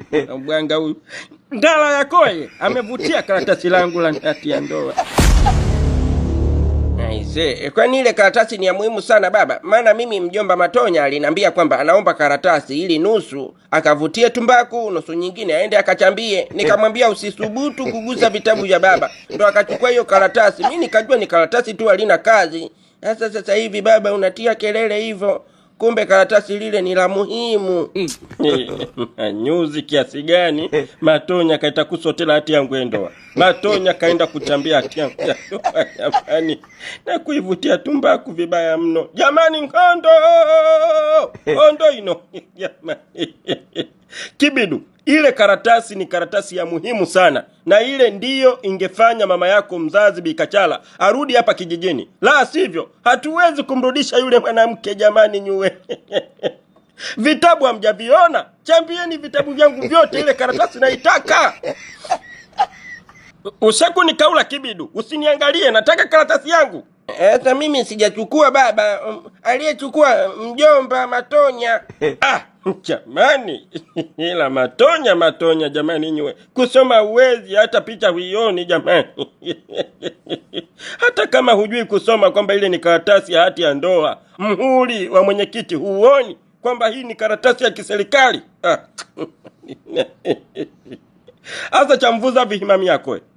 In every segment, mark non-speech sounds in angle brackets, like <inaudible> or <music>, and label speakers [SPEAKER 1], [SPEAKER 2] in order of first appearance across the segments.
[SPEAKER 1] <laughs> mganga huyu ndala yakoye amevutia karatasi langu la hati ya ndoa. Aise, eh, kwani ile karatasi ni ya muhimu sana baba? Maana mimi mjomba Matonya aliniambia kwamba anaomba karatasi ili nusu akavutie tumbaku, nusu nyingine aende akachambie. Nikamwambia usisubutu kugusa vitabu vya baba, ndo akachukua hiyo karatasi. Mi nikajua ni karatasi tu, alina kazi. Sasa sasa hivi baba unatia kelele hivyo kumbe karatasi lile ni la muhimu. Mm. <laughs> Nyuzi kiasi gani! Matonya kaita kusotela hati yangu endoa, Matonya kaenda kuchambia hati yangu yandoa <laughs> jamani, na kuivutia tumbaku vibaya mno jamani, nkondo ondo ino <laughs> jamani, Kibidu ile karatasi ni karatasi ya muhimu sana, na ile ndiyo ingefanya mama yako mzazi Bikachala arudi hapa kijijini, la sivyo hatuwezi kumrudisha yule mwanamke. Jamani nyue <laughs> vitabu hamjaviona? Chambieni vitabu vyangu vyote, ile karatasi naitaka. usiku ni kaula kibidu, usiniangalie, nataka karatasi yangu. Hata mimi sijachukua baba, um, aliyechukua mjomba Matonya. ah. <laughs> Jamani, ila matonya matonya, jamani nywe kusoma uwezi hata picha huioni jamani. <laughs> hata kama hujui kusoma kwamba ile ni karatasi ya hati ya ndoa, mhuri wa mwenyekiti huoni kwamba hii ni karatasi ya kiserikali? Ah. <laughs> hasa chamvuza vihimami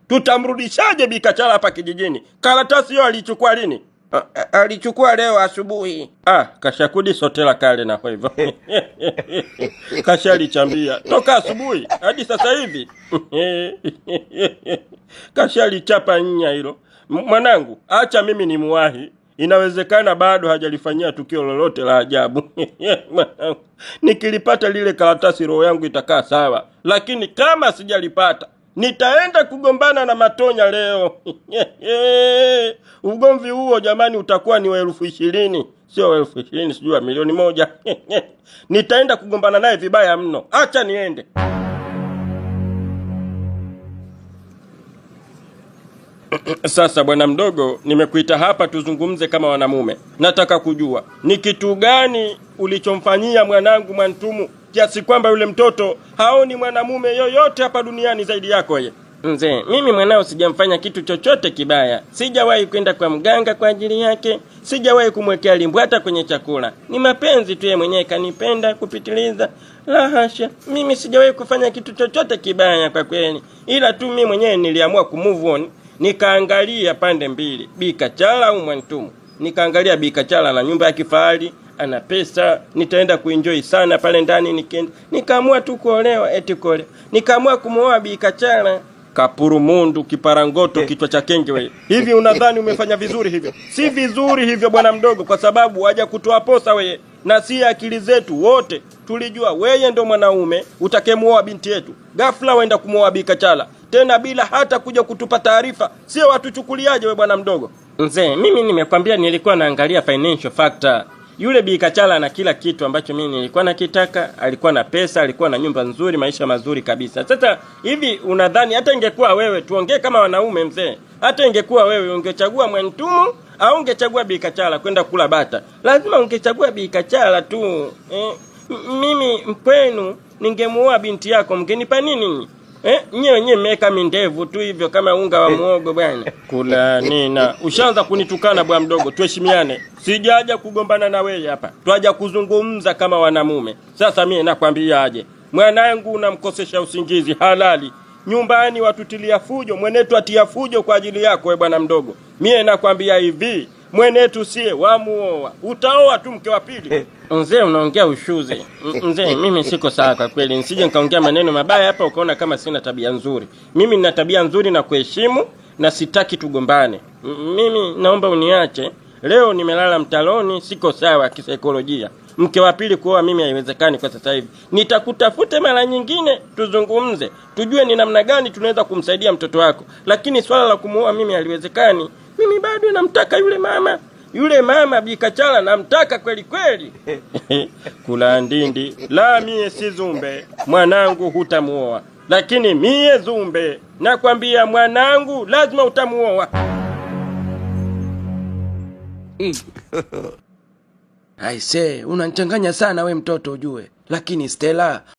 [SPEAKER 1] tutamrudishaje Bikachala hapa kijijini? Karatasi hiyo aliichukua lini? Eh, eh, alichukua leo asubuhi. Ah, kashakudi sotela kale na kwa hivyo <laughs> kashalichambia toka asubuhi hadi sasa hivi <laughs> kashalichapa nya hilo. Mwanangu, acha mimi ni muwahi inawezekana bado hajalifanyia tukio lolote la ajabu. <laughs> Nikilipata lile karatasi roho yangu itakaa sawa, lakini kama sijalipata nitaenda kugombana na Matonya leo. <laughs> Ugomvi huo jamani, utakuwa ni wa elfu ishirini sio elfu ishirini sijui milioni moja. <laughs> nitaenda kugombana naye vibaya mno, acha niende. <clears throat> Sasa bwana mdogo, nimekuita hapa tuzungumze kama wanamume. Nataka kujua ni kitu gani ulichomfanyia mwanangu Mwantumu kiasi kwamba yule mtoto haoni mwanamume yoyote hapa duniani zaidi yako ye. Mzee, mimi mwanao sijamfanya kitu chochote kibaya. Sijawahi kwenda kwa mganga kwa ajili yake, sijawahi kumwekea limbwata kwenye chakula. Ni mapenzi tu, yeye mwenyewe kanipenda kupitiliza. La hasha, mimi sijawahi kufanya kitu chochote kibaya kwa kweli, ila tu mimi mwenyewe niliamua kumove on, nikaangalia pande mbili, Bikachala au Mwantumu. Nikaangalia Bikachala na nyumba ya kifahari ana pesa nitaenda kuenjoy sana pale ndani nikienda nikaamua tu kuolewa eti kole. nikaamua kumwoa bi kachara kapuru mundu kiparangoto eh. kichwa cha kenge wewe hivi unadhani umefanya vizuri hivyo si vizuri hivyo bwana mdogo kwa sababu waja kutoa posa weye na si akili zetu wote tulijua weye ndo mwanaume utakemuoa binti yetu ghafla waenda kumwoa bi Kachara tena bila hata kuja kutupa taarifa sio chukuliaje wewe bwana mdogo mzee mimi nimekwambia nilikuwa naangalia financial factor yule Bi Kachala kila kitu ambacho mimi nilikuwa nakitaka, alikuwa na pesa, alikuwa na nyumba nzuri, maisha mazuri kabisa. Sasa hivi unadhani hata ingekuwa wewe, tuongee kama wanaume mzee, hata ingekuwa wewe ungechagua Mwentumu au ungechagua Bi Kachala kwenda kula bata? Lazima ungechagua Bi Kachala tu. Eh, mimi mkwenu ningemuoa binti yako, mgenipa nini? Eh, nye wenyewe mmeweka mindevu tu hivyo kama unga wa eh, mwogo bwana. Eh, kula eh, nina. Ushaanza kunitukana bwa mdogo, tuheshimiane. Sijaja kugombana na wewe hapa. Twaja kuzungumza kama wanamume. Sasa mimi nakwambia aje. Mwanangu unamkosesha usingizi halali. Nyumbani watutilia fujo, mwenetu atia fujo kwa ajili yako we bwana mdogo. Mie nakwambia hivi, mwenetu sie wamuoa, utaoa tu mke wa pili. Mzee unaongea ushuzi. Mzee mimi siko sawa kwa kweli, nisije nkaongea maneno mabaya hapa ukaona kama sina tabia nzuri. Mimi nina tabia nzuri na kuheshimu na sitaki tugombane. Mimi naomba uniache leo, nimelala mtaloni, siko sawa kisaikolojia. Mke wa pili kuoa mimi haiwezekani kwa sasa hivi. Nitakutafute mara nyingine, tuzungumze, tujue ni namna gani tunaweza kumsaidia mtoto wako, lakini swala la kumuoa mimi haliwezekani mimi bado namtaka yule mama, yule mama Bikachala namtaka kweli kweli. <laughs> Kula ndindi la mie si Zumbe, mwanangu hutamuoa, lakini mie Zumbe nakwambia mwanangu, lazima utamuoa. <laughs> Aise, unanchanganya sana we mtoto ujue, lakini Stella